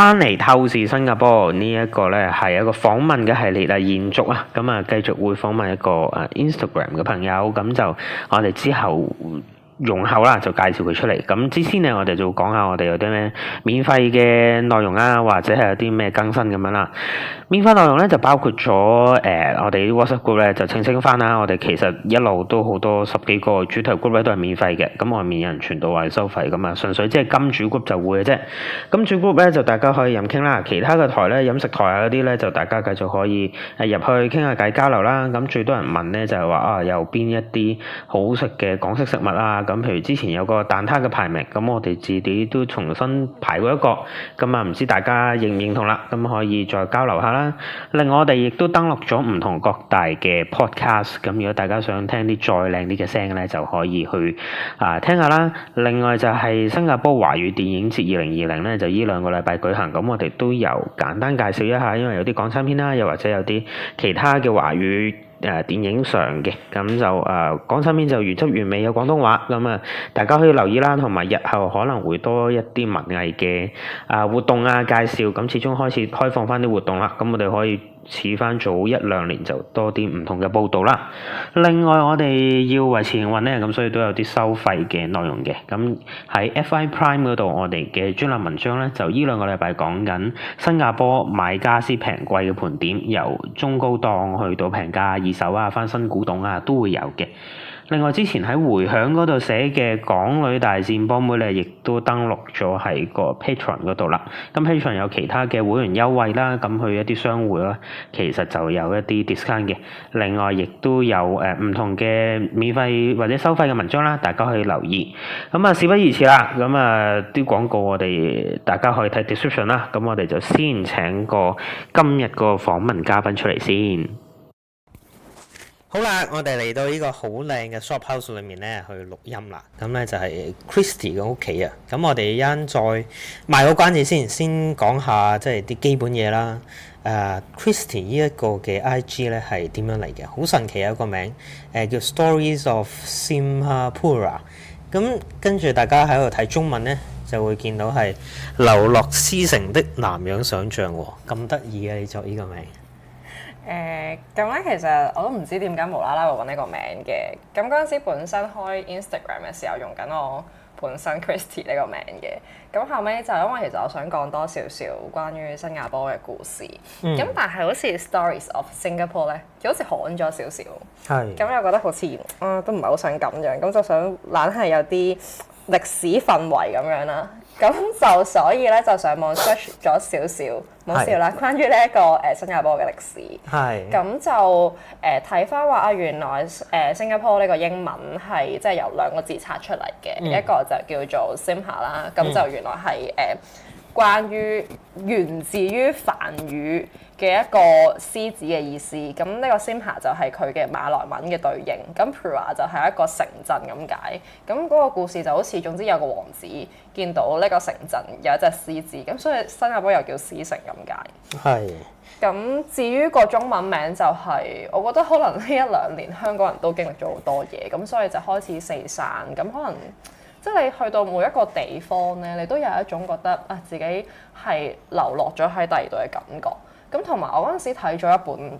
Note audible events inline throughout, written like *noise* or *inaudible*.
翻嚟透視新加坡，這個、呢一個咧係一個訪問嘅系列啦，延續啊，咁啊繼續會訪問一個啊 Instagram 嘅朋友，咁就我哋之後。融合啦，就介紹佢出嚟。咁之前咧，我哋就講下我哋有啲咩免費嘅內容啊，或者係有啲咩更新咁樣啦。免費內容咧就包括咗誒、呃，我哋啲 WhatsApp group 咧就澄清翻啦。我哋其實一路都好多十幾個主題 group 咧都係免費嘅，咁外面有人傳到話收費咁啊，純粹即係金主 group 就會嘅啫。金主 group 咧就大家可以任傾啦，其他嘅台咧飲食台啊嗰啲咧就大家繼續可以入去傾下偈交流啦。咁最多人問咧就係、是、話啊，有邊一啲好食嘅港式食物啊？咁，譬如之前有個蛋撻嘅排名，咁我哋自己都重新排過一個，咁啊唔知大家認唔認同啦，咁可以再交流下啦。另外我哋亦都登錄咗唔同各大嘅 podcast，咁如果大家想聽啲再靚啲嘅聲咧，就可以去啊聽下啦。另外就係新加坡華語電影節二零二零咧，就呢兩個禮拜舉行，咁我哋都有簡單介紹一下，因為有啲港產片啦，又或者有啲其他嘅華語。誒電影上嘅，咁就誒、呃、講身邊就原汁原味有廣東話，咁啊大家可以留意啦，同埋日後可能會多一啲文藝嘅啊、呃、活動啊介紹，咁始終開始開放翻啲活動啦，咁我哋可以。似翻早一兩年就多啲唔同嘅報道啦。另外我哋要維持營運咧，咁所以都有啲收費嘅內容嘅。咁喺 FI Prime 嗰度，我哋嘅專欄文章咧就呢兩個禮拜講緊新加坡買家私平貴嘅盤點，由中高檔去到平價二手啊、翻新古董啊都會有嘅。另外之前喺迴響嗰度寫嘅港女大戰波妹咧，亦都登錄咗喺個 Patreon 嗰度啦。咁 Patreon 有其他嘅會員優惠啦，咁去一啲商戶啦，其實就有一啲 discount 嘅。另外亦都有誒、呃、唔同嘅免費或者收費嘅文章啦，大家可以留意。咁啊，事不宜遲啦，咁啊啲廣告我哋大家可以睇 description 啦。咁我哋就先請個今日個訪問嘉賓出嚟先。好啦，我哋嚟到呢個好靚嘅 shop house 裏面咧，去錄音啦。咁咧就係 Christy 嘅屋企啊。咁我哋一陣再賣個關子先，先講下即係啲基本嘢啦。誒、uh，Christy 呢一個嘅 IG 咧係點樣嚟嘅？好神奇、啊、一個名，誒叫 Stories of Simhapura。咁跟住大家喺度睇中文咧，就會見到係流落獅城的南洋想像喎。咁得意嘅你作呢個名？誒咁咧，其實我都唔知點解無啦啦會揾呢個名嘅。咁嗰陣時本身開 Instagram 嘅時候用緊我本身 Christie 呢個名嘅。咁後尾就因為其實我想講多少少關於新加坡嘅故事。咁、嗯、但係好似 Stories of Singapore 咧，就好似旱咗少少。係是。咁又覺得好似啊，都唔係好想咁樣。咁就想懶係有啲歷史氛圍咁樣啦。咁就所以咧，就上網 search 咗少少，冇笑啦，是的 關於呢、這、一個誒、呃、新加坡嘅歷史。係是的。咁就誒睇返話啊，看看原來誒、呃、新加坡呢個英文係即係由兩個字拆出嚟嘅，嗯、一個就叫做 Simha 啦。咁、嗯、就原來係誒、呃、關於源自於梵語。嘅一個獅子嘅意思，咁呢個 Simha 就係佢嘅馬來文嘅對應，咁 Pura 就係一個城鎮咁解，咁嗰個故事就好似總之有個王子見到呢個城鎮有一隻獅子，咁所以新加坡又叫獅城咁解。係。咁至於個中文名就係，我覺得可能呢一兩年香港人都經歷咗好多嘢，咁所以就開始四散，咁可能即係你去到每一個地方咧，你都有一種覺得啊自己係流落咗喺第二度嘅感覺。咁同埋我嗰陣時睇咗一本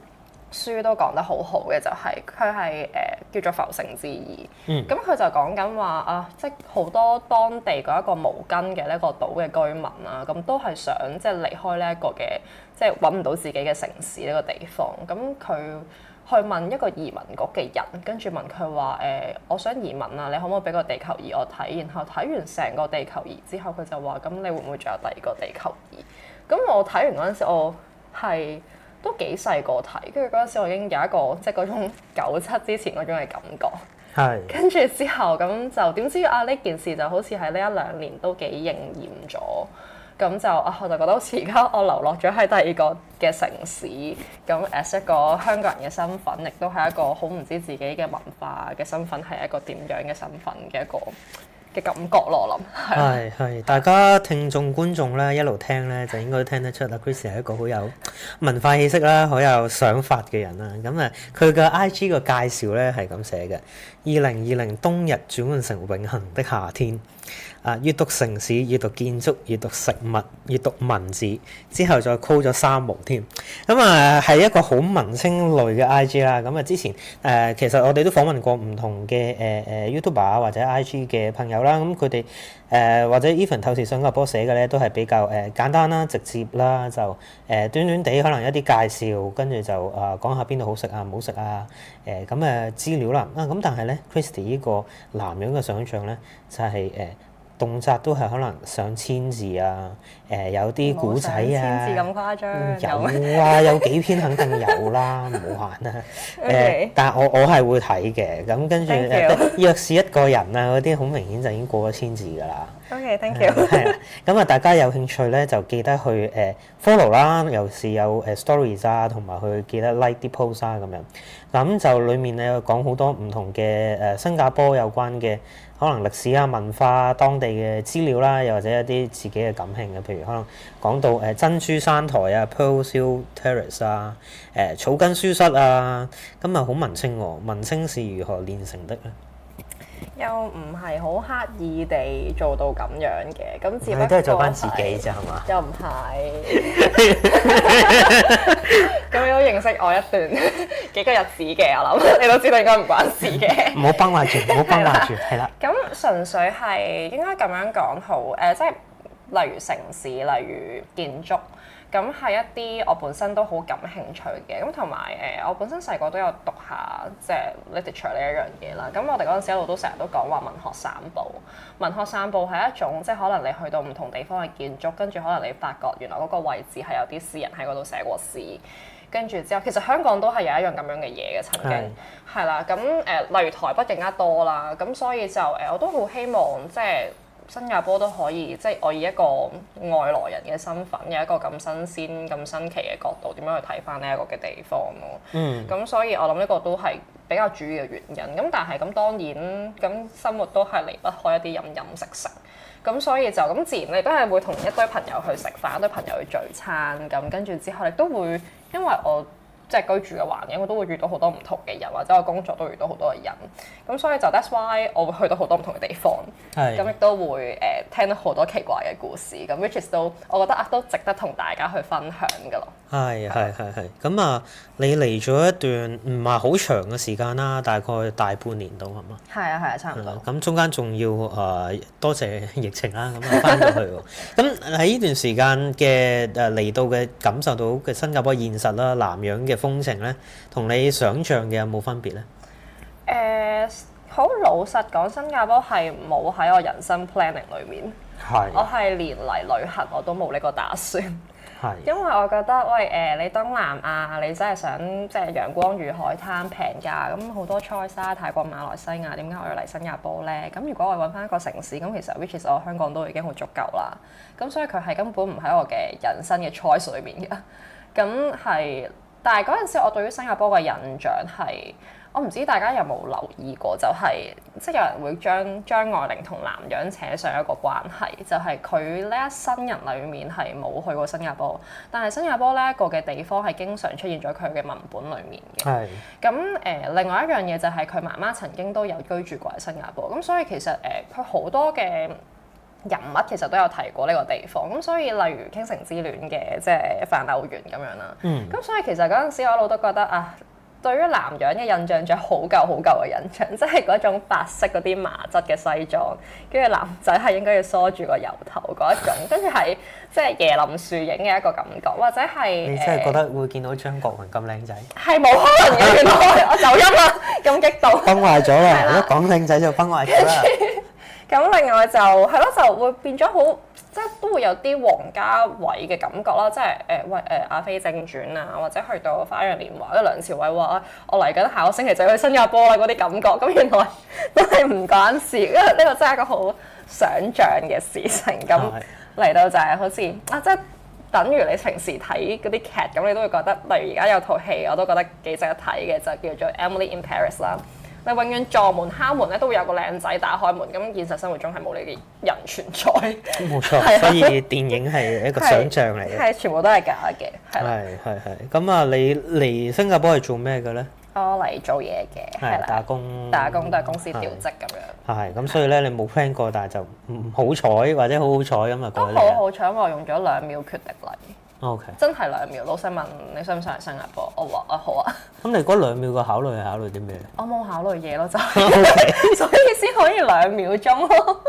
書，都講得好好嘅，就係佢係誒叫做《浮城誌異》，嗯嗯。咁佢就講緊話啊，即係好多當地嗰一個無根嘅呢個島嘅居民啊，咁都係想即係離開呢一個嘅即係揾唔到自己嘅城市呢個地方。咁、嗯、佢去問一個移民局嘅人，跟住問佢話誒，我想移民啊，你可唔可以俾個地球儀我睇？然後睇完成個地球儀之後，佢就話咁、嗯，你會唔會仲有第二個地球儀？咁、嗯、我睇完嗰陣時，我係都幾細個睇，跟住嗰陣時我已經有一個即係嗰種九七之前嗰種嘅感覺，是跟住之後咁就點知啊呢件事就好似喺呢一兩年都幾應驗咗，咁就、啊、我就覺得好似而家我流落咗喺第二個嘅城市，咁 as 一個香港人嘅身份，亦都係一個好唔知自己嘅文化嘅身份係一個點樣嘅身份嘅一個。嘅感覺咯，我諗係係大家聽眾觀眾咧，一路聽咧就應該都聽得出啦。 *laughs* Chris 係一個好有文化氣息啦，好有想法嘅人啦。咁啊，佢嘅 I G 個介紹咧係咁寫嘅：二零二零冬日轉換成永恆的夏天。啊！閱讀城市，閱讀建築，閱讀食物，閱讀文字之後，再 call 咗三毛添。咁、嗯、啊，係、嗯、一個好文青類嘅 IG 啦。咁啊，之前誒、呃，其實我哋都訪問過唔同嘅誒誒、呃呃、YouTuber 或者 IG 嘅朋友啦。咁佢哋。誒、呃、或者 even 透視新加坡寫嘅咧，都係比較誒、呃、簡單啦、直接啦，就誒、呃、短短地可能一啲介紹，跟住就啊、呃、講下邊度好食啊、唔好食啊，誒咁誒資料啦啊咁，但係咧 Christy 呢個男人嘅想像咧就係、是、誒。呃動作都係可能上千字啊！誒、呃，有啲古仔啊，上千字咁誇張、嗯，有啊， *laughs* 有幾篇肯定有啦，唔好玩啦。誒 *laughs* Okay.，但係我我係會睇嘅，咁跟住若 *laughs* Thank you. 是一個人啊，嗰啲好明顯就已經過咗千字㗎啦。OK，thank you. Okay. 嗯，係咁啊，大家有興趣咧就記得去誒 follow 啦，又是有誒 stories 啊，同埋去記得 like 啲 post 啊，咁樣。咁就裡面咧講好多唔同嘅誒新加坡有關嘅。可能歷史啊、文化啊、當地嘅資料啦，又或者一啲自己嘅感興趣嘅，譬如可能講到誒、呃、珍珠山台啊、Pearl Hill Terrace 啊、誒、呃、草根書室啊，咁啊好文青喎！文青是如何煉成的咧？又唔係好刻意地做到咁樣嘅，咁只不過都係做翻自己啫，係嘛不？又唔係，咁你都認識我一段 *laughs* 幾個日子嘅，我諗你都知道應該唔關事嘅。唔 *laughs* 好、嗯、崩壞住，唔好崩壞住，係啦 *laughs* 了。咁 *laughs* 純粹係應該咁樣講好，誒、呃，即係例如城市，例如建築。咁係一啲我本身都好感興趣嘅，咁同埋誒我本身細個都有讀下即係 literature 呢一樣嘢啦。咁我哋嗰陣時一路都成日都講話文學散步，文學散步係一種即係可能你去到唔同地方嘅建築，跟住可能你發覺原來嗰個位置係有啲詩人喺嗰度寫過詩，跟住之後其實香港都係有一樣咁樣嘅嘢嘅，曾經係啦。咁誒的、呃、例如台北更加多啦，咁所以就誒、呃、我都好希望即係。新加坡都可以，即係我以一個外來人嘅身份，有一個咁新鮮、咁新奇嘅角度，點樣去睇翻呢一個嘅地方咯。咁、嗯、所以，我諗呢個都係比較主要嘅原因。咁但係咁當然，咁生活都係離不開一啲飲飲食食。咁所以就咁自然，你都係會同一堆朋友去食飯，一堆朋友去聚餐。咁跟住之後，你都會因為我，即係居住嘅環境，我都會遇到好多唔同嘅人，或者我工作都遇到好多嘅人，咁所以就 that's why 我會去到好多唔同嘅地方，咁亦都會誒聽到好多奇怪嘅故事，咁 which is 都我覺得啊都值得同大家去分享噶咯。係係係係，咁啊你嚟咗一段唔係好長嘅時間啦，大概大半年到係嘛？係啊係啊，差唔多。咁中間仲要啊多謝疫情啦，咁翻咗去。咁喺呢段時間嘅誒嚟到嘅感受到嘅新加坡現實啦，南洋嘅風情咧，同你想像嘅有冇分別咧？誒，好老實講，新加坡係冇喺我人生 planning 裏面。係，我係連嚟旅行我都冇呢個打算。係，因為我覺得，喂，誒，你東南亞，你真係想即係陽光與海灘，平價咁好多 choice 啊，泰國、馬來西亞，點解我要嚟新加坡咧？咁如果我揾返一個城市，咁其實 which is 我香港都已經好足夠啦。咁所以佢係根本唔喺我嘅人生嘅 choice 裏面嘅。咁係。但係嗰陣時，我對於新加坡嘅印象係，我唔知大家有冇留意過？就係、是、即係有人會將張愛玲同南洋扯上一個關係，就係佢呢一生人裡面係冇去過新加坡，但係新加坡呢一個嘅地方係經常出現咗佢嘅文本裡面嘅。係咁，誒，另外一樣嘢就係佢媽媽曾經都有居住過喺新加坡，咁、嗯、所以其實誒佢好多嘅。人物其實都有提過呢個地方，咁所以例如《傾城之戀》嘅即係范柳原咁樣啦。嗯。咁所以其實嗰陣時我老都覺得啊，對於男人嘅印象就好舊好舊嘅印象，即係嗰種白色嗰啲麻質嘅西裝，跟住男仔係應該要梳住個油頭嗰一種，跟住係即係椰林樹影嘅一個感覺，或者係你真係覺得會見到張國榮咁靚仔？係冇、啊、可能嘅，原來我就咁啊咁激動， *laughs* 崩壞咗了啦！ *laughs* 一講靚仔就崩壞咗啦。 *laughs* *laughs* 咁另外就係咯，就會變咗好，即係都會有啲王家衞嘅感覺啦，即係誒、呃，喂誒、呃，阿飛正傳啊，或者去到《花樣年華》咧，梁朝偉話我嚟緊下個星期就要去新加坡啦，嗰啲感覺，咁原來都係唔關事，因為呢個真係一個好想像嘅事情。咁嚟到就係好似啊，即係等於你平時睇嗰啲劇咁，你都會覺得，例如而家有套戲我都覺得幾值得睇嘅，就叫做《Emily in Paris》啦。你永遠撞門敲門咧，都會有個靚仔打開門。咁現實生活中係冇你嘅人存在，冇錯。所以電影係一個想像嚟嘅，係全部都係假嘅。係係係。咁啊，你嚟新加坡係做咩嘅咧？我嚟做嘢嘅，係打工，打工都係公司調職咁樣。係咁，所以咧你冇 plan 過，但係就唔好彩，或者好好彩咁啊過嚟。好好彩，我用咗兩秒決定嚟。O Okay . K，真係兩秒，老細問你想唔想嚟新加坡，我話啊好啊。咁你嗰兩秒嘅考慮係考慮啲咩咧？我冇考慮嘢咯，就係、Okay. *laughs* 所以先可以兩秒鐘咯。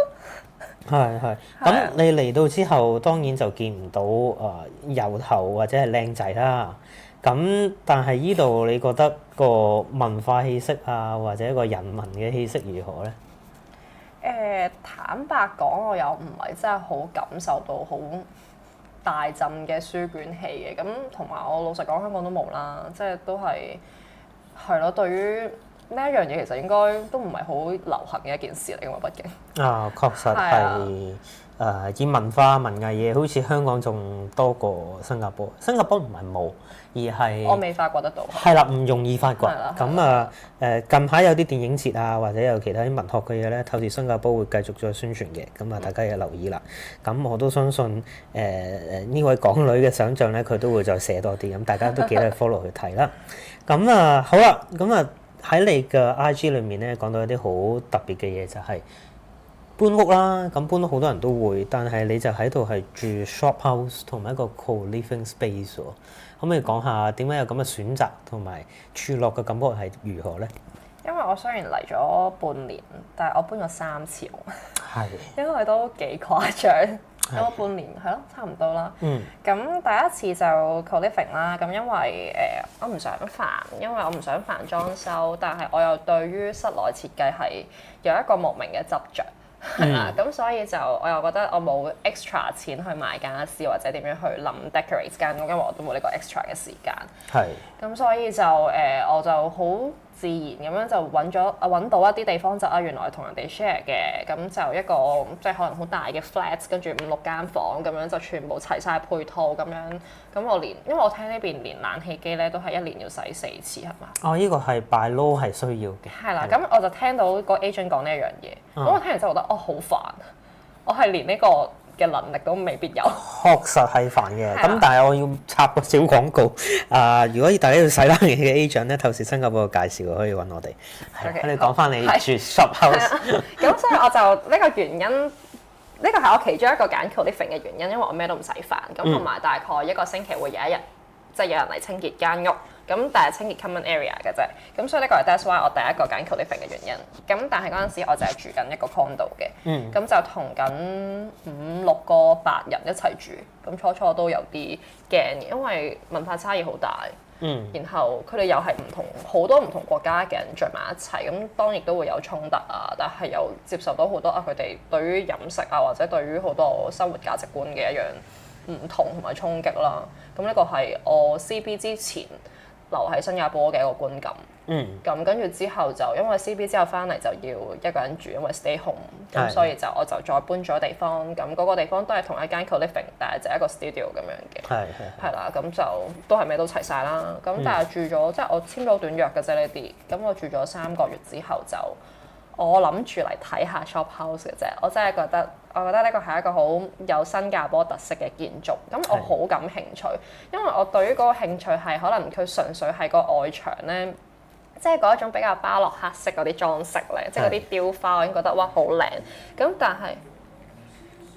係 *laughs* 係， *laughs* 咁是、嗯、你嚟到之後，當然就見唔到啊油、呃、頭或者係靚仔啦。咁但係依度你覺得個文化氣息啊，或者一個人文嘅氣息如何咧？誒、呃，坦白講，我又唔係真係好感受到好大陣嘅書卷氣嘅，咁同埋我老實講，香港都冇啦，即係都係係咯。對於呢一樣嘢，其實應該都唔係好流行嘅一件事嚟㗎嘛，畢竟啊、哦，確實係。誒以文化、文藝嘢，好似香港仲多過新加坡。新加坡唔係冇，而係我未發覺得到。係啦，唔容易發覺。咁啊，誒近排有啲電影節啊，或者有其他啲文學嘅嘢咧，透視新加坡會繼續再宣傳嘅。咁啊，大家要留意啦。咁、嗯、我都相信，誒誒呢位港女嘅想像咧，佢都會再寫多啲。咁大家都記得 follow 去睇 fo 啦。咁啊， *laughs* 好啦，咁啊喺你嘅 IG 裏面咧，講到一啲好特別嘅嘢，就係、是。搬屋啦，咁搬屋好多人都會，但係你就喺度係住 shop house 同埋一個 co-living space 喎、喔。可唔可以講下點解有咁嘅選擇同埋住落嘅感覺係如何呢？因為我雖然嚟咗半年，但係我搬咗三次喎。係的。應該都幾誇張。係的。半年係咯，差唔多啦。嗯。咁第一次就 co-living 啦。咁因為誒、呃、我唔想煩，因為我唔想煩裝修，但係我又對於室內設計係有一個莫名嘅執着。係啦，咁所以就我又覺得我冇 extra 錢去買傢俬或者點樣去諗 decorate 間屋，因為我都冇呢個 extra 嘅時間。係，咁所以就誒、呃，我就好。自然咁樣就揾咗揾到一啲地方就啊，原來同人哋 share 嘅。咁就一個即係、就是、可能好大嘅 flat，跟住五六間房咁樣就全部齊晒配套咁樣，咁我連因為我聽呢邊連冷氣機咧都係一年要洗四次係嘛？哦，呢、這個係 by law 係需要嘅。係啦的，咁的我就聽到個 agent 講呢一樣嘢，咁、嗯、我聽完之後覺得哦好煩，我係連呢、這個。嘅能力都未必有，確實係煩嘅。咁 *laughs* 但係我要插個小廣告啊、 *laughs* 呃！如果大家要洗冷氣嘅 agent 咧，透視新加坡嘅介紹可以揾我哋。OK 你講翻你住 shophouse。咁所以我就呢、這個原因，呢、這個係我其中一個揀 co-living 嘅原因，因為我咩都唔使煩。咁同埋大概一個星期會有一日、嗯。即係有人嚟清潔間屋，咁但係清潔 common area 嘅啫，咁所以呢個係 that's why 我第一個揀 co-living 嘅原因。咁但係嗰陣時我就係住緊一個 condo 嘅、嗯，咁就同緊五六個白人一齊住，咁初初都有啲驚因為文化差異好大，嗯、然後佢哋又係唔同好多唔同國家嘅人聚埋一齊，咁當然都會有衝突啊。但係又接受到好多啊，佢哋對於飲食啊，或者對於好多生活價值觀嘅一樣。唔同同埋衝擊啦，咁呢個係我 CB 之前留喺新加坡嘅一個觀感。嗯。咁跟住之後就因為 CB 之後翻嚟就要一個人住，因為 stay home，咁所以就我就再搬咗地方。咁、那、嗰個地方都係同一間 co-living，但係就係一個 studio 咁樣嘅。係係的。係啦的，咁就都係咩都齊晒啦。咁但係住咗、嗯、即係我簽咗短約嘅啫呢啲。咁我住咗三個月之後就我諗住嚟睇下 shop house 嘅啫。我真係覺得。我覺得呢個係一個好有新加坡特色嘅建築，咁我好感興趣，因為我對於嗰個興趣係可能佢純粹係個外牆咧，即係嗰一種比較巴洛克式嗰啲裝飾咧，即係嗰啲雕花，我已經覺得哇好靚，咁但係，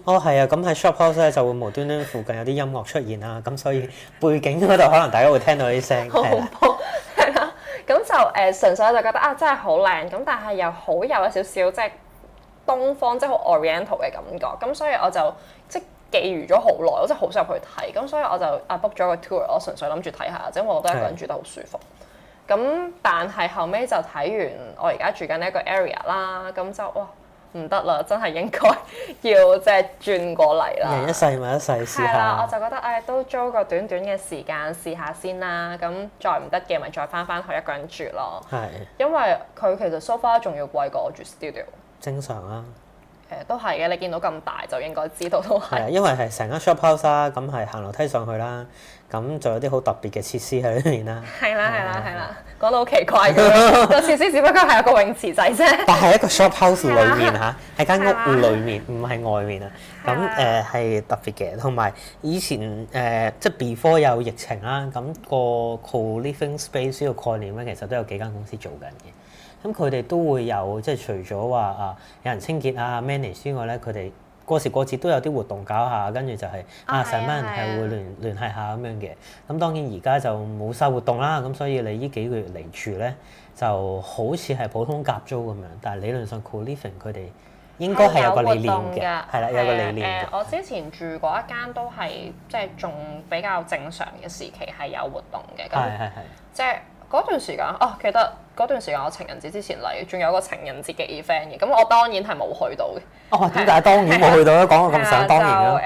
哦係啊，咁喺 shop house 咧就會無端端附近有啲音樂出現啦，咁所以背景嗰度可能大家會聽到啲聲，係啦 *laughs* 好恐怖，咁的 *laughs* 就誒、呃、純粹就覺得啊真係好靚，咁但係又好有一少少即係。東方即係、就、好、是、oriental 嘅感覺，咁所以我就即係、就是、寄寓咗好耐，我真係好想入去睇，咁所以我就 book 咗個 tour，我純粹諗住睇下，或、就、者、是、我覺得一個人住得好舒服。咁的但係後尾就睇完，我而家住緊呢一個 area 啦，咁就哇唔得 *laughs* 啦，真係應該要即係轉過嚟啦。人一世咪一世，試下。我就覺得誒、哎，都租個短短嘅時間試下先啦，咁再唔得嘅咪再返返去一個人住咯。係的。因為佢其實 sofa 仲要貴過我住 studio。正常啦、啊，誒都係嘅，你見到咁大就應該知道都係，因為係成間 shop house 啦、啊，咁係行樓梯上去啦，咁就有啲好特別嘅設施喺裏面啦。係啦係啦係啦，講到好奇怪嘅，個設施只不過係一個泳池仔啫。但係一個 shop house 裏面嚇，喺間屋裏面，唔係外面啊。咁誒係特別嘅，同埋以前誒、呃、即係 before 有疫情啦，咁、那個 co-living space 呢個概念咧，其實都有幾間公司做緊嘅。咁佢哋都會有，即係除咗話啊有人清潔啊 manage 之外咧，佢哋過時過節都有啲活動搞下、啊，跟住就係啊成班人係會聯聯繫下咁樣嘅、啊。咁、啊啊啊啊、當然而家就冇晒活動啦，咁所以你呢幾個月嚟住咧，就好似係普通夾租咁樣。但係理論上 Co-Living 佢哋應該係有個理念嘅，係啦，有個理念。我之前住過一間都係即係仲比較正常嘅時期係有活動嘅，咁即係。嗰段時間哦，記得嗰段時間我情人節之前嚟，仲有個情人節嘅 event 嘅、嗯，咁我當然係冇去到嘅。哦，點解當然冇去到啦，啊、講到咁想、啊、當然啦。唔、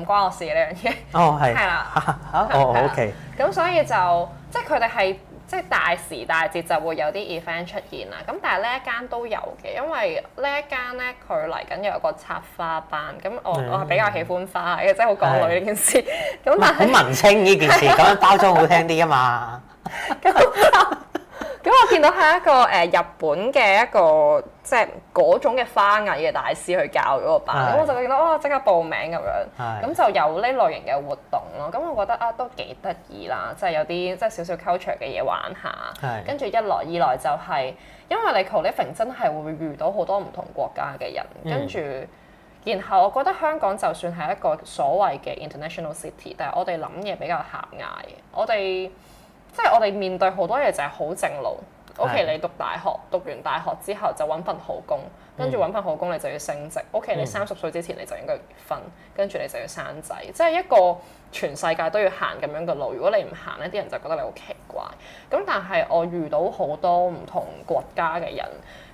呃、關我事嘅呢樣嘢。哦，係。係啦。嚇！哦 OK、嗯。咁所以就即係佢哋係。即係大時大節就會有啲 event 出現啦，咁但係呢一間都有嘅，因為呢一間呢，佢嚟緊有個插花班，咁我、嗯、我係比較喜歡花，因為真係好港女呢件事，咁的但係是好文青呢件事，咁 *laughs* 樣包裝好聽啲啊嘛。 *laughs* *laughs* *laughs* 咁 *laughs* 我見到係一個誒、呃、日本嘅一個即係嗰種嘅花藝嘅大師去教嗰個班，咁的我就見到哇，哦、即刻報名咁樣，咁的就有呢類型嘅活動咯。咁我覺得啊，都幾得意啦，即係有啲即係少少 culture 嘅嘢玩下，的跟住一來二來就係、是、因為你 co-living 真係會遇到好多唔同國家嘅人，嗯、跟住然後我覺得香港就算係一個所謂嘅 international city，但係我哋諗嘢比較狹隘，我哋。即係我哋面對好多嘢就係好正路。是的 O.K. 你讀大學，讀完大學之後就揾份好工，跟住揾份好工你就要升職。嗯、O.K. 你三十歲之前你就應該結婚，跟住你就要生仔。嗯、即係一個全世界都要行咁樣嘅路。如果你唔行，呢啲人就覺得你好奇怪。咁但係我遇到好多唔同國家嘅人，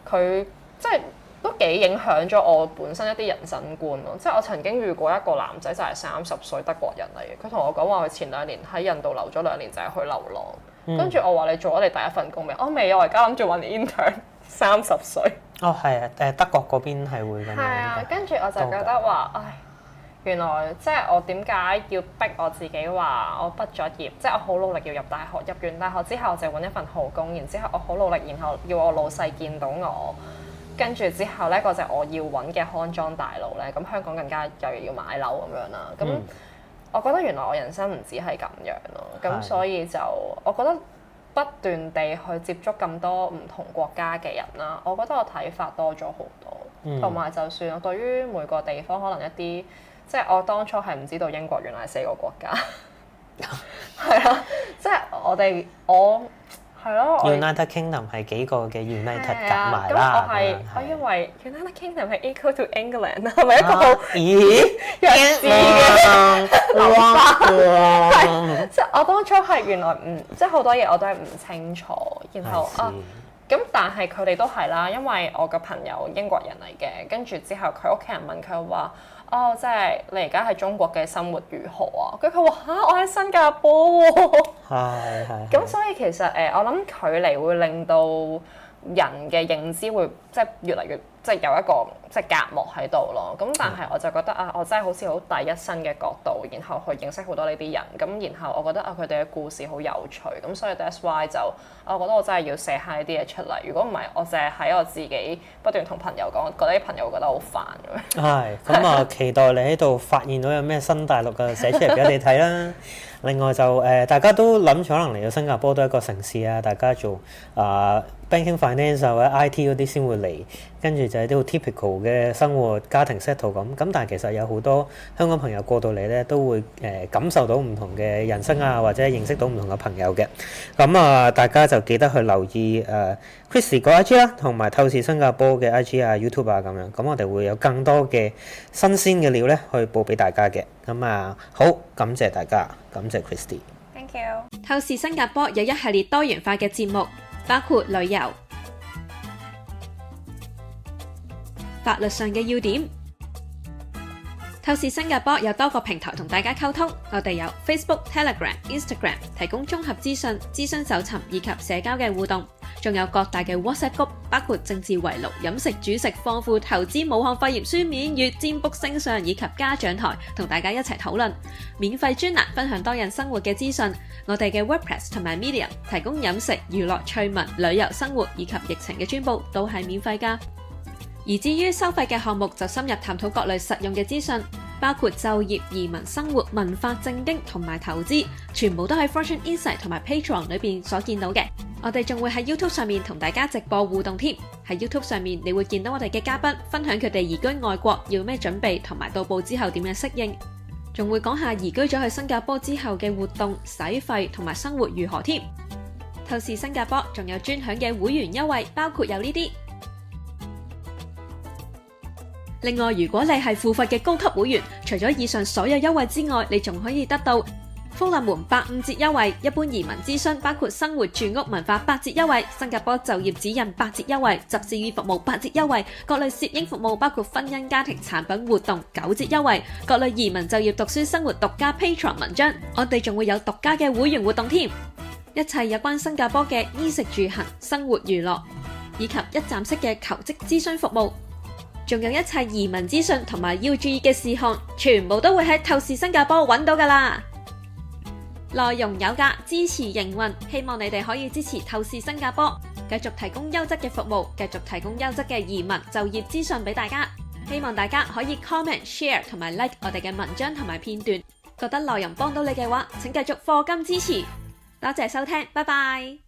佢即係。都幾影響咗我本身一啲人生觀咯，即係我曾經遇過一個男仔就係三十歲德國人嚟嘅，佢同我講話佢前兩年喺印度留咗兩年就係、是、去流浪，嗯、跟住我話你做咗你第一份工未？我未啊，我而家諗住揾 intern。三十歲。哦，係啊，誒德國嗰邊係會咁樣嘅。係啊，跟住我就覺得話，國唉，原來即係我點解要逼我自己話我畢咗業，即係我好努力要入大學，入完大學之後就揾一份好工，然後之後我好努力，然後要我老細見到我。跟住之後呢，嗰隻我要揾嘅康莊大路呢，咁香港更加又要買樓咁樣啦。咁我覺得原來我人生唔止係咁樣咯。咁所以就我覺得不斷地去接觸咁多唔同國家嘅人啦，我覺得我睇法多咗好多。同埋就算我對於每個地方可能一啲，即係我當初係唔知道英國原來係四個國家，係 *laughs* 啊，即係我哋我。係咯 United Kingdom 係幾個嘅 United 夾埋，啊、啦。我，啊、我以為 United Kingdom 係 equal to England，係咪、啊、一個好弱智嘅國家，即係我當初係原來唔，即係好多嘢我都係唔清楚。然後是是啊，咁但係佢哋都係啦，因為我個朋友英國人嚟嘅，跟住之後佢屋企人問佢話。哦，即係你而家喺中國嘅生活如何啊？佢佢話嚇，我喺新加坡喎。係係係。咁所以其實誒、 *laughs* 呃，我諗距離會令到。人嘅認知會即係越嚟越即係有一個即係隔膜喺度咯。咁但係我就覺得啊，我真係好似好第一身嘅角度，然後去認識好多呢啲人。咁然後我覺得啊，佢哋嘅故事好有趣。咁所以 that's why 就我覺得我真係要寫下呢啲嘢出嚟。如果唔係，我淨係喺我自己不斷同朋友講，覺得啲朋友覺得好煩咁樣。係咁啊！ *laughs* 期待你喺度發現到有咩新大陸嘅寫出嚟俾我哋睇啦。 *laughs* 另外就誒、呃，大家都諗住可能嚟到新加坡都係一個城市啊，大家做啊～、呃 Banking Finance 或者 IT 嗰啲先會嚟，跟住就係啲 typical 嘅生活家庭 settle 咁。咁但係其實有好多香港朋友過到嚟咧，都會誒感受到唔同嘅人生啊，或者認識到唔同嘅朋友嘅。咁啊，大家就記得去留意誒 Christy 個 IG 啦，同埋透視新加坡嘅 IG 啊、YouTube 啊咁樣。咁我哋會有更多嘅新鮮嘅料咧，去報俾大家嘅。咁啊，好感謝大家，感謝 Christy。Thank you。透視新加坡有一系列多元化嘅節目。包括旅遊、法律上嘅要點，透視新加坡有多個平台同大家溝通。我哋有 Facebook、Telegram、Instagram，提供綜合資訊、諮詢搜尋以及社交嘅互動。仲有各大嘅 WhatsApp group，包括政治圍爐、飲食煮食、放富投資、武漢肺炎書面、月占卜星相以及家長台，同大家一齊討論。免費專欄分享多人生活嘅資訊，我哋嘅 WordPress 同埋 Medium 提供飲食、娛樂、趣聞、旅遊、生活以及疫情嘅專報，都係免費噶。而至於收費嘅項目，就深入探討各類實用嘅資訊，包括就業、移民、生活、文化、政經同埋投資，全部都喺 Fortune Insight 同埋 Patreon 裏邊所見到嘅。我哋仲會喺 YouTube 上面同大家直播互動添，喺 YouTube 上面你會見到我哋嘅嘉賓分享佢哋移居外國要咩準備同埋到步之後點樣適應，仲會講下移居咗去新加坡之後嘅活動、使費同埋生活如何添。透視新加坡仲有專享嘅會員優惠，包括有呢啲。另外，如果你係付費嘅高級會員，除咗以上所有優惠之外，你仲可以得到。高立門八五折優惠，一般移民諮詢包括生活、住屋、文化八折優惠；新加坡就業指引八折優惠，執 CV 服務八折優惠，各類攝影服務包括婚姻、家庭產品活動九折優惠，各類移民、就業、讀書、生活獨家 Patreon 文章，我哋仲會有獨家嘅會員活動添。一切有關新加坡嘅衣食住行、生活娛樂以及一站式嘅求職諮詢服務，仲有一切移民諮詢同埋要注意嘅事項，全部都會喺透視新加坡揾到噶啦。內容有價，支持營運，希望你哋可以支持透視新加坡，繼續提供優質嘅服務，繼續提供優質嘅移民就業資訊俾大家。希望大家可以 comment、share 同埋 like 我哋嘅文章同埋片段，覺得內容幫到你嘅話，請繼續課金支持。多謝收聽，拜拜。